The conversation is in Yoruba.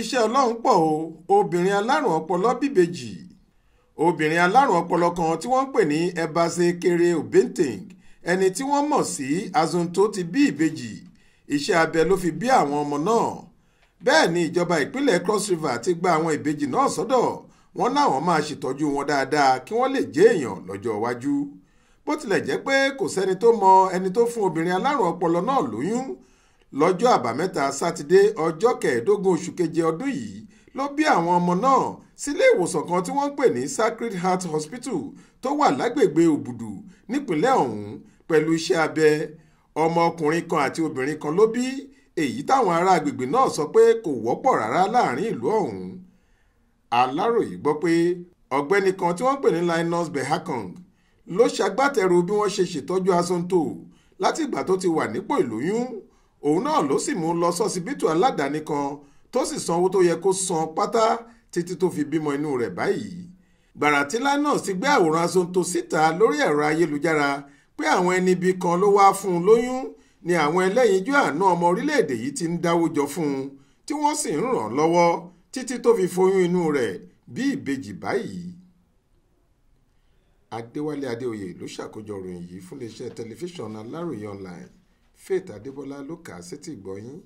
iṣẹ́ ọlọ́run pọ̀ o obìnrin alárùn ọpọlọ bíbejì obìnrin alárùn ọpọlọ kan tí wọ́n ń pè ní ebase kere obenting ẹni tí wọ́n mọ̀ sí azonto ti bí ìbejì iṣẹ́ abẹ ló fi bí àwọn ọmọ náà bẹ́ẹ̀ ni ìjọba ìpínlẹ̀ cross river ti gba àwọn ìbejì náà sọ́dọ̀ wọn láwọn máa ṣètọ́jú wọn dáadáa kí wọ́n lè jẹ́ èèyàn lọ́jọ́ iwájú bó tilẹ̀ jẹ́ pé kò sẹ́ni tó mọ ẹni tó fún obìnrin alárùn ọpọlọ náà lóyún lọ́jọ́ àbámẹ́ta sátidé ọjọ́ kẹẹ̀ẹ́dógún oṣù keje ọdún yìí ló bí àwọn ọmọ náà sílé ìwòsàn kan tí wọ́n ń pè ní Sacred Heart Hospital tó wà lágbègbè Òbùdù nípìnlẹ̀ ọ̀hún pẹ̀lú iṣẹ́ abẹ ọmọ ọkùnrin kan àti obìnrin kan ló bí èyí táwọn ará agbègbè náà sọ pé kò wọ́pọ̀ rárá láàrin ìlú ọ̀hún Aláròyé gbọ́ pé ọ̀gbẹ́ni kan tí wọ́n pè ní Linus Behakong ló ṣagbátẹrù bí wọ́n ṣe ṣètọ́jú asonto láti ìgbà tó ti wà nípò ìlóyún òun náà ló sì mú un lọ sọsibítù aládàáni kan tó sì san owó tó yẹ kó san pátá títí tó fi bímọ inú rẹ̀ báyìí gbàràtílá náà sì gbé àwòrán asonto síta lórí ẹ̀rọ ayélujára pé àwọn ẹni ibi kan ló wáá fún un lóyún ni àwọn ẹlẹ́yinjú àánú ọmọ orílẹ̀-èdè yìí ti ń dáwó jọ fún un tí wọ́n sì ń ràn lọ́wọ́ títí tó fi foyún inú rẹ̀ bí ìbejì báyìí. Adéwálé Adéoyè ló ṣàkójọ ìròyìn yìí fún iléeṣẹ́ tẹlifíṣàn Aláròye online faith adébọlá ló kà á sétígbọ̀ọ́ yín